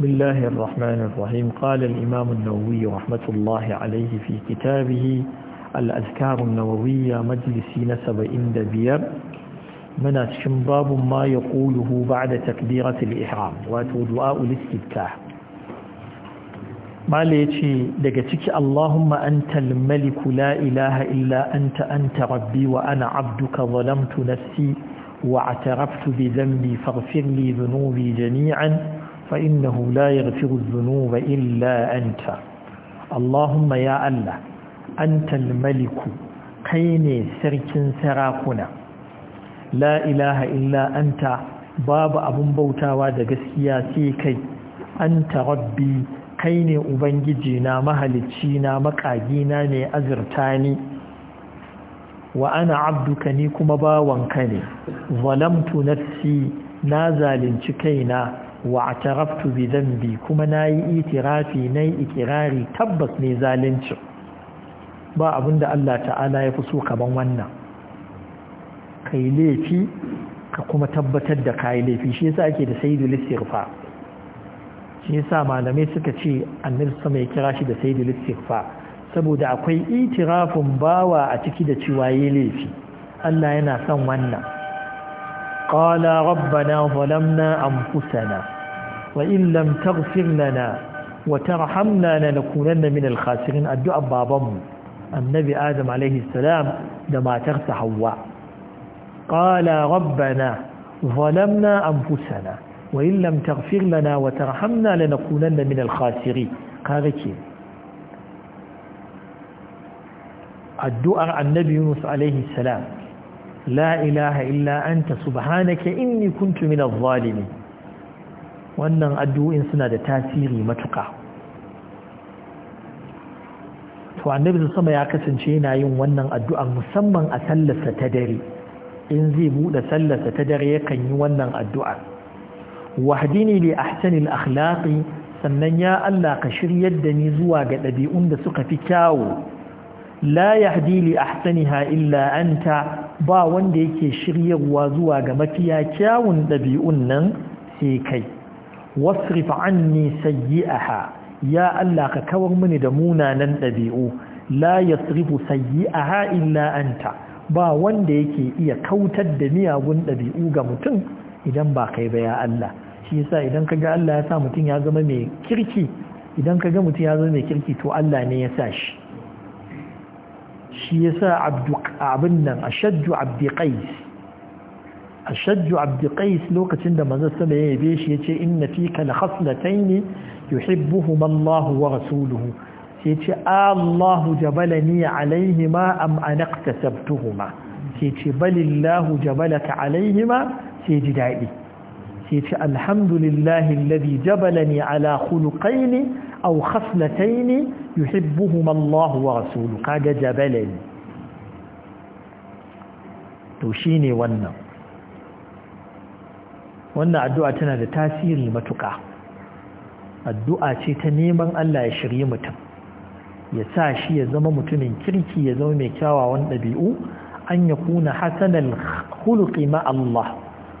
بسم الله الرحمن الرحيم قال الإمام النووي رحمة الله عليه في كتابه الأذكار النووية مجلسي نسب إند بير من شنباب ما يقوله بعد تكبيرة الإحرام وتدعاء الاستبتاح ما ليتي دقتك اللهم أنت الملك لا إله إلا أنت أنت ربي وأنا عبدك ظلمت نفسي واعترفت بذنبي فاغفر لي ذنوبي جميعا فإنه لا يغفر الذنوب إلا أنت اللهم يا الله أنت الملك كيني سرك سراكنا لا إله إلا أنت باب أبن بوتا وادق سياسيكي أنت ربي كيني أبنججنا مهلتشينا مقاجينا أزرتاني وأنا عبدك نيكم باوانكني ظلمت نفسي نازل كينا bi واعترفت بذنبي كما ناي itirafi na ikirari tabbas mai ظالمci ba abinda Allah ta'ala ya fi so kaman wannan kai laifi ka kuma tabbatar da yi laifi shi yasa ake da sayyidul istighfar shi yasa malamai suka ce annabi sama ya kira shi da sayyidul istighfar saboda akwai itirafin bawa a ciki da cewa yayi laifi Allah yana son wannan قال ربنا ظلمنا أنفسنا وإن لم تغفر لنا وترحمنا لنكونن من الخاسرين الدعاء بابم النبي آدم عليه السلام لما ترس حواء قال ربنا ظلمنا أنفسنا وإن لم تغفر لنا وترحمنا لنكونن من الخاسرين قاركين الدعاء النبي يونس عليه السلام لا إله إلا أنت سبحانك إني كنت من الظالمين wannan addu'o'in suna da tasiri matuƙa to annabi sama ya kasance yana yin wannan addu'a musamman a sallarsa ta dare in zai buɗe sallarsa ta dare yakan yi wannan addu'a wahdini li ahsanil akhlaqi sannan ya Allah ka shiryar da ni zuwa ga ɗabi'un da suka fi kyawu la yahdi li ahsaniha illa anta ba wanda yake shiryarwa zuwa ga mafiya kyawun ɗabi'un nan sai kai wasrif anni sayyi'aha ya Allah ka kawar mini da munanan dabi'u la yasrifu sayyi'aha illa anta ba wanda yake iya kautar da miyagun dabi'u ga mutum idan ba kai ba ya Allah shi yasa idan kaga Allah ya sa mutum ya zama mai kirki idan kaga mutum ya zama mai kirki to Allah ne ya sa shi shi yasa abdu abin nan ashaddu abdi qais ashajju abdi lokacin da manzo sama ya yabe shi yace inna fika la khaslatayn yuhibbuhuma Allah wa rasuluhu sai ce Allah jabalani am anaqtasabtuhuma sai balillahu jabalaka alaihima sai ji dadi alhamdulillahi ce alhamdulillahi alladhi jabalani ala khuluqaini aw khaslatayn yuhibbuhuma Allah wa rasuluhu kaga jabalani to shine wannan wannan addu'a tana da tasiri matuƙa addu'a ce ta neman Allah ya shirye mutum ya sa shi ya zama mutumin kirki ya zama mai kyawawan ɗabi'u an ya kuna hasanar hulƙi ma'allah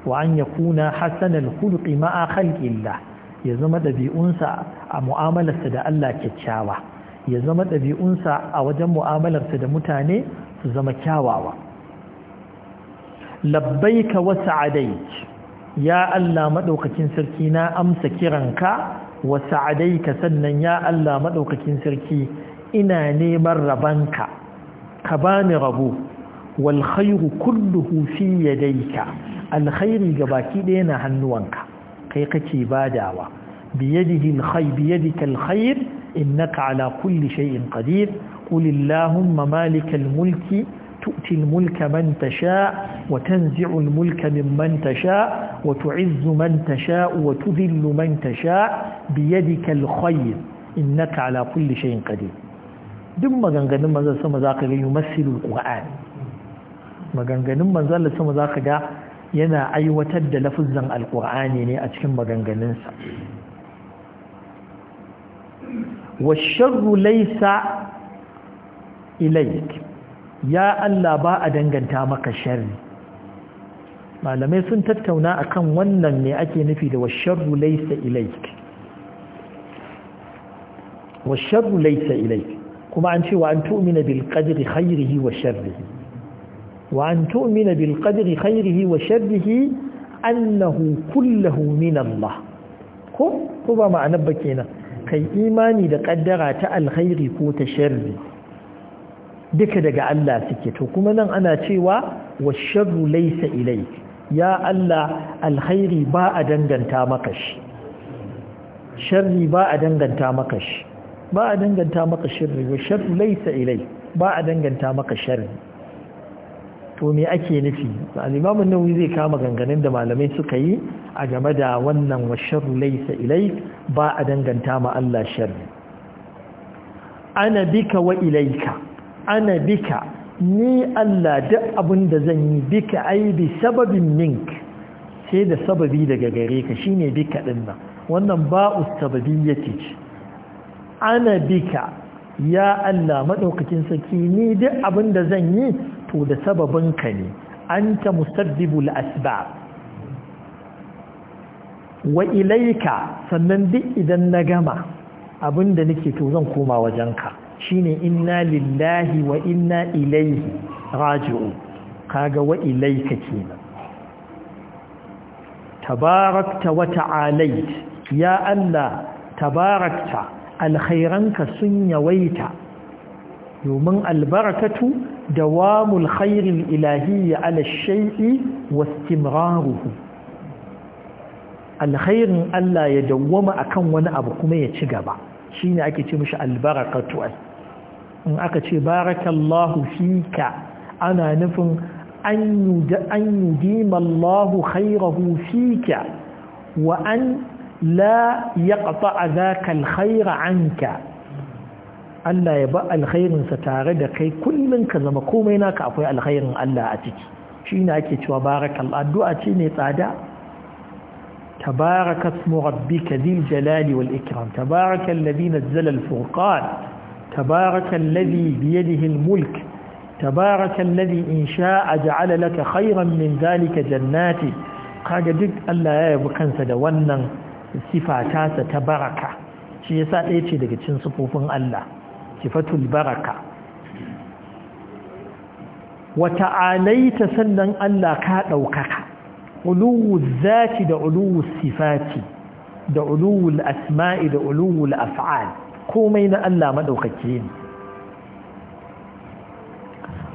wa an ya kuna hasanar hulƙi ma'a halƙillah ya zama ɗabi'unsa a mu'amalarsa da Allah kyakkyawa ya zama ɗabi'unsa a wajen mu'amalarsa da mutane su zama kyawawa labbaika wasu adai. ya Allah maɗaukakin sarki na amsa kiranka wa sa'adaika sannan ya Allah maɗaukakin sarki ina neman rabanka ka bani rabo wal khairu kulluhu fi yadayka alkhairi baki ɗaya na hannuwanka kai kake badawa biyadihi alkhair biyadika alkhair innaka ala kulli shay'in qadir qul allahumma malikal mulki tutil almulka man tasha wa tanzi'ul almulka mimman tasha وتعز من تشاء وتذل من تشاء بيدك الخير إنك على كل شيء قدير دم مغنغن من ذا سما ذاك يمثل القرآن مغنغن من ذا سما ذاك دا ينا أيوتد لفظا القرآن يعني أتكم مغنغن والشر ليس إليك يا الله با أدنغن تامك الشر malamai sun tattauna akan wannan ne ake nufi da washarru laysa ilayk washarru laysa ilayk kuma an ce wa an tu'mina bil qadri wa sharrihi wa an tu'mina bil qadri khayrihi wa sharrihi annahu kulluhu min Allah ko ko ba ma'ana ba kenan kai imani da kaddara ta alkhairi ko ta sharri duka daga Allah suke to kuma nan ana cewa washarru laysa ilai. ya Allah alkhairi ba a danganta maka shi sharri ba a danganta maka shi ba a danganta maka sharri wa sharru laisa ilai ba a danganta maka sharri to me ake nufi al-imam an-nawawi zai kama ganganin da malamai suka yi a game da wannan wa sharru laisa ilai ba a danganta ma Allah sharri ana bika wa ilaika ana bika ni Allah duk abin da zan yi bika aibi sababin mink sai da sababi daga gare ka shine bika din nan wannan ba'u sababiyya ce ana bika ya Allah madaukakin saki ni duk abin da zan yi to da sababin ka ne anta musabbibul asbab wa ilaika sannan duk idan na gama abin da nake to zan koma wajenka shine inna lillahi wa inna ilaihi raji'u kaga wa ilaika kenan tabarakta wa ta'alait ya Allah tabarakta alkhairanka sun yawaita domin albarakatu dawamul khairil ilahiyya ala shay'i wastimraruhu alkhairin Allah ya dawwama akan wani abu kuma ya ci gaba shine ake ce mishi albarakatu in aka ce barakallahu fika ana nufin an yudima Allahu khairahu fika wa an la yaqta zaka alkhaira anka Allah ya ba alkhairin sa tare da kai kullun ka zama komai naka akwai alkhairin Allah a ciki shine ake cewa barakal addu'a ce ne tsada تبارك اسم ربك ذي الجلال والإكرام تبارك الذي نزل الفرقان تبارك الذي بيده الملك تبارك الذي إن شاء جعل لك خيرا من ذلك جنات قاعد دك الله يا أبو كنسا دوانا صفاتات تبارك شيء سائل شيء دك تنصفوف الله صفة البركة وتعاليت سنن الله كأوكك علو الذات دا علو الصفات دا علو الأسماء دا علو الأفعال komai na Allah madaukake ne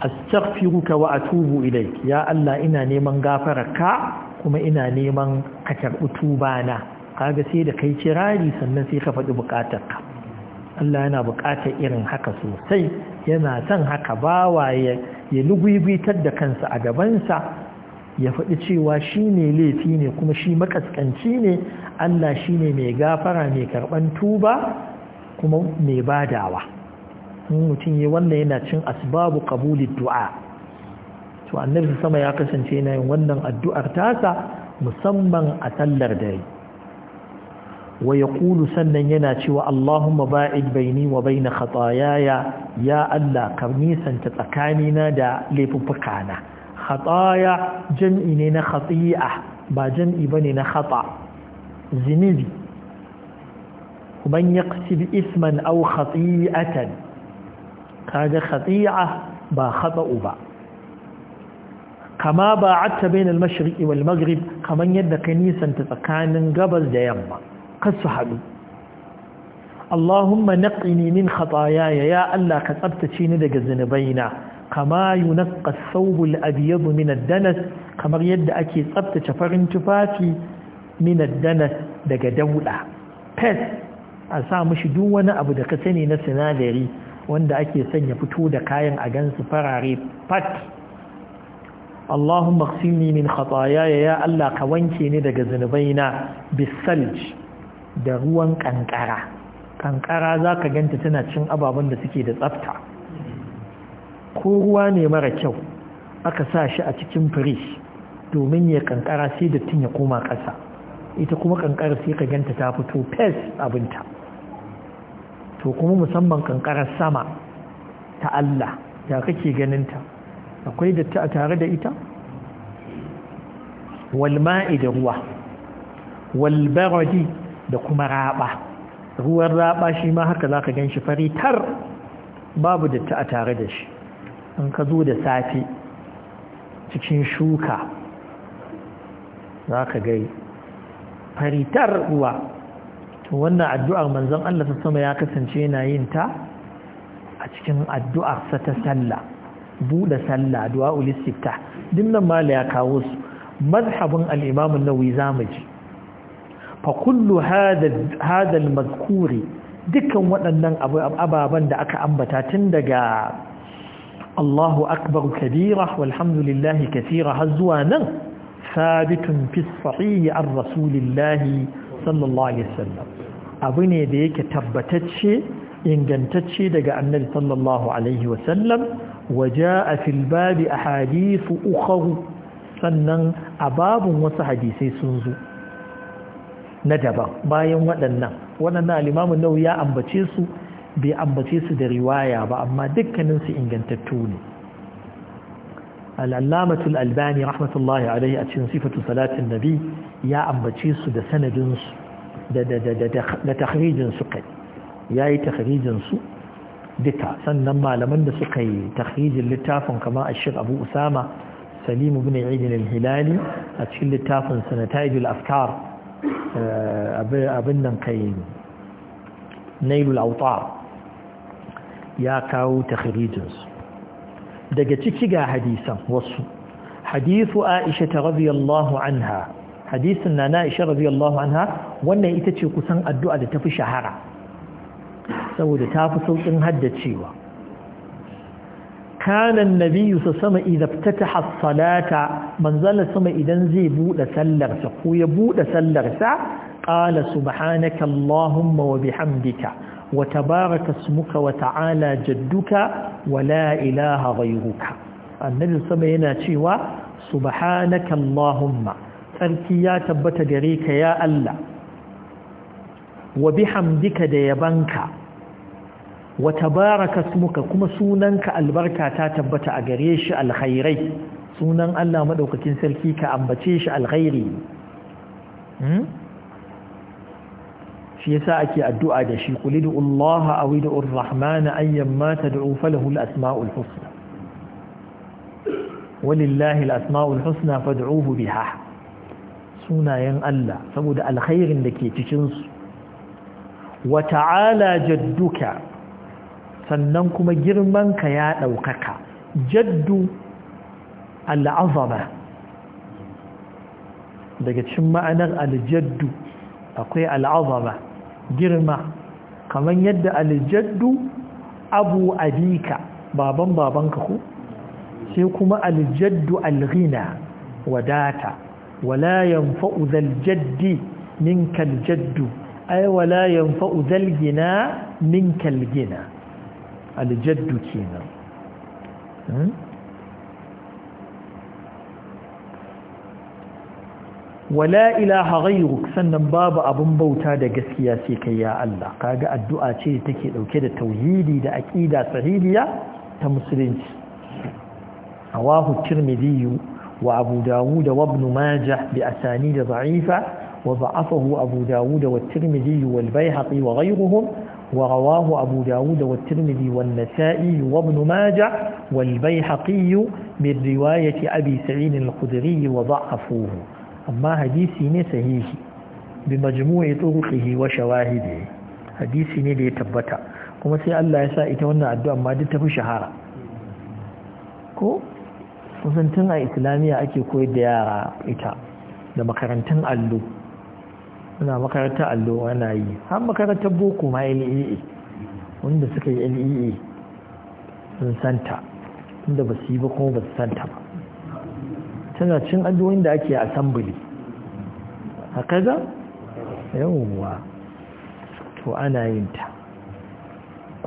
astaghfiruka wa atubu ilaik ya Allah ina neman gafararka kuma ina neman ka tuba na. kaga sai da kai kirari sannan sai ka faɗi bukatarka Allah yana bukatar irin haka sosai yana son haka bawaye ya lugwibitar da kansa a gabansa ya faɗi cewa shine laifi ne kuma shi makaskanci ne Allah shine mai gafara mai karɓan tuba kuma mai badawa in mutum yi wannan yana cin asbabu qabulid du'a to annabi sama ya kasance yana yin wannan addu'ar tasa musamman a sallar dare wa yaqulu sannan yana cewa Allahumma ba'id baini wa baina khataayaya ya Allah ka nisanta tsakanina da laifuffukana khataaya jam'i ne na khati'a ba jam'i bane na khata zinibi man yaqsid isman aw khati'atan kaga khati'a ba khata'u ba kama ba'atta bain al wal maghrib kaman yadda ka nisanta tsakanin gabas da yamma kasu haɗu. Allahumma naqini min khataayaya ya Allah ka tsabtace ni daga zinubaina kama yunqqa ath-thawb al min ad kamar yadda ake tsabtace farin tufafi min ad daga dauda pest a sa mishi duk wani abu da ka sani na sinadari wanda ake sanya fito da kayan a gansu farare fat Allahumma qsimni min khataayaya ya Allah ka wanke ni daga zanubaina bisalj da ruwan kankara kankara zaka ganta tana cin ababen da suke da tsafta ko ruwa ne mara kyau aka sa shi a cikin fridge domin ya kankara sai da tun ya koma ƙasa ita kuma kankara sai ka ganta ta fito fes abinta to kuma musamman kankarar sama ta Allah ya kake ganinta akwai datti a tare da ita walma'i da ruwa walbaradi da kuma raba ruwan raba shi ma haka za ka gan shi fari babu datti a tare da shi An ka zo da safe cikin shuka za ka gai faritar ruwa to wannan addu'ar manzon Allah ta sama ya kasance yana yin ta a cikin addu'arsa ta sallah buɗe sallah duwa ulistifta dinnan mala ya kawo su mazhabin al'imamin na an-nawawi zamaji fa kullu hada mazkuri dukkan waɗannan ababen da aka ambata tun daga Allahu akbar kabira walhamdulillahi kasira har zuwa nan sabitun fi an rasulillahi sallallahu alaihi wasallam abu ne da yake tabbatacce ingantacce daga annabi sallallahu alaihi wasallam a في الباب ahadith ukhra sannan a babun wasu hadisai sun zo na daban bayan waɗannan waɗannan alimamin nau ya ambace su bai ambace su da riwaya ba amma dukkanin su ingantattu ne al albani rahmatullahi alaihi a cikin sifatu salatin nabi ya ambace su da sanadinsu da takharijinsu kai ya yi takharijinsu duka sannan malaman da suka yi takharijin littafin kamar ashir abu usama salimu bin idin al-hilali a cikin littafin sanataidul afkar eh, abin nan kai nailul autar ya kawo takharijinsu daga ciki ga hadisan wasu hadisu aisha ta radiyallahu anha hadisin na na'isha isha radiyallahu anha wannan ita ce kusan addu'a da tafi shahara saboda ta fi sauƙin haddacewa kanan nabiyu sa sama idan ftataha salata manzala sama idan zai bude sallarsa ko ya bude sallarsa qala subhanaka allahumma wa bihamdika wa tabaraka ismuka wa ta'ala jadduka wa la ilaha ghayruka annabi sama yana cewa subhanaka allahumma tsarki ya tabbata gare ka ya Allah wa bihamdika da yabanka wa tabaraka smuka kuma sunanka albarka ta tabbata a gare shi alkhairai sunan Allah madaukakin sarki ka ambace shi alkhairi hmm? shi yasa ake addu'a da shi qul id'u Allah aw ar-rahman ayyamma tad'u falahu al-asma'ul husna walillahi al-asma'ul husna fad'uhu biha sunayen Allah saboda alkhairin da ke cikinsu wa ta'ala jadduka sannan kuma girmanka ya ɗaukaka jaddu al'azama daga cikin ma'anar aljaddu akwai al'azama girma kamar yadda aljaddu abu abika baban babanka ku sai kuma aljaddu alghina wadata wala yan fa’uzal jaddi min kaljaddu ai wala yan fa’uzal gina min kalgina aljaddu kenan wala ilaha ghayruk sannan babu abun bauta da gaskiya sai kai ya Allah kaga addu'a ce take dauke da tauhidi da aƙida sahihiya ta musulunci awahu tirmidhi وأبو داود وابن ماجه بأسانيد ضعيفة وضعفه أبو داود والترمذي والبيهقي وغيرهم ورواه أبو داود والترمذي والنسائي وابن ماجه والبيهقي من رواية أبي سعيد الخدري وضعفوه أما حديثي صحيح بمجموع طرقه وشواهده حديثي ني تبتع كما سي الله يسا إتونا أدو أما دي شهارة كو kusan tun a islamiyya ake koyar da yara ita da makarantun allo suna makarantar allo ana yi har makarantar boko ma lea wanda suka yi lea sun santa inda ba su yi ba kuma ba su santa ba tana cin addu'o'in da ake assembly haka yawon yawwa to ana yinta.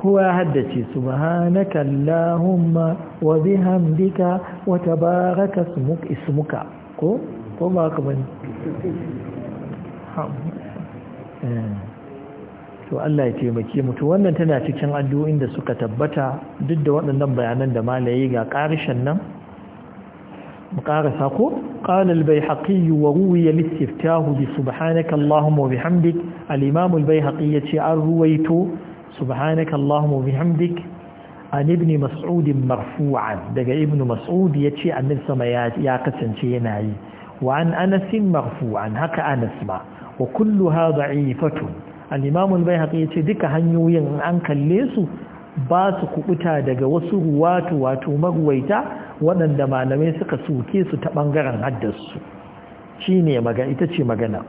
kowa ya haddace subhanaka allahumma wa bihamdika wa tabaraka ismuka ko ko ba ka eh. to Allah ya taimake mu to wannan tana cikin addu'o'in da suka tabbata duk da waɗannan bayanan da malaye ga ƙarshen nan mu ƙarasa ko qala al-bayhaqi wa ruwiya al bi subhanaka allahumma wa bihamdik al-imam al-bayhaqi an ruwaito subhanaka Allahumma bihamdik an ibn mas'ud marfu'an daga ibn mas'ud yace annabi sama ya kasance yana yi wa an anas marfu'an haka anas ma wa kulluha da'ifatun al-imam al-baihaqi yace duka hanyoyin in an kalle su basu kuɓuta daga wasu ruwatu wato magwaita waɗanda malamai suka soke su ta ɓangaren haddasu shine maga ita ce magana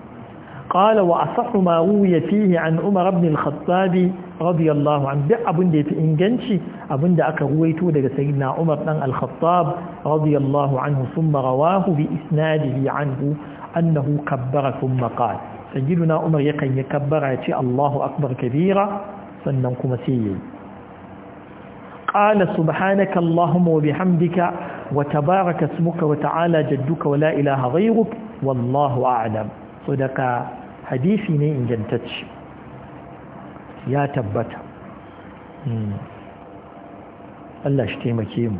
قال واصح ما روي فيه عن عمر بن الخطاب رضي الله عنه ده ابن ده في انجنشي ابن ده aka ruwaito daga sayyidina Umar dan al-Khattab radiyallahu anhu thumma rawahu bi isnadihi anhu annahu kabbara thumma qala sayyiduna Umar ya kan yakabbara Allahu akbar kabira sannan kuma sai قال سبحانك اللهم وبحمدك وتبارك اسمك وتعالى جدك ولا اله غيرك والله اعلم sadaka. hadisi ne ingantacci ya tabbata hmm. Allah shi taimake mu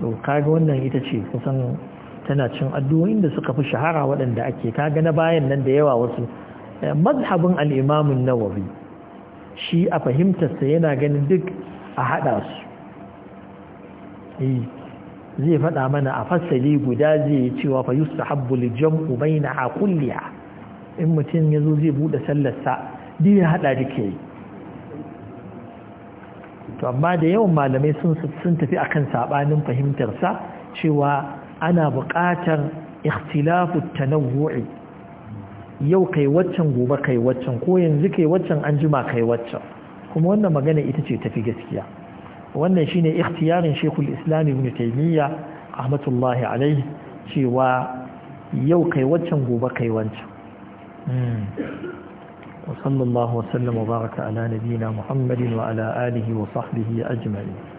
to kaga wannan ita ce kusan tana cin addu'o'in da suka fi shahara waɗanda ake kaga na bayan nan da yawa wasu eh, mazhabin al'imamun nawawi shi a fahimtarsa yana ganin duk a haɗa su eh, zai faɗa mana a fasali guda zai yi cewa fa yusta habbul jam'u bai na hakulliya in mutum ya zo zai buɗe sallarsa duk ya haɗa duka yi to amma da yawan malamai sun tafi akan saɓanin fahimtarsa cewa ana buƙatar ikhtilafu tanawwu'i yau kai waccan gobe kai waccan ko yanzu kai waccan an jima kai waccan kuma wannan magana ita ce tafi gaskiya wannan shine ikhtiyarin Sheikhul Islam Ibn Taymiyyah rahmatullahi alaihi cewa yau kai waccan gobe kai wancan وصلى الله وسلم وبارك على نبينا محمد وعلى آله وصحبه أجمعين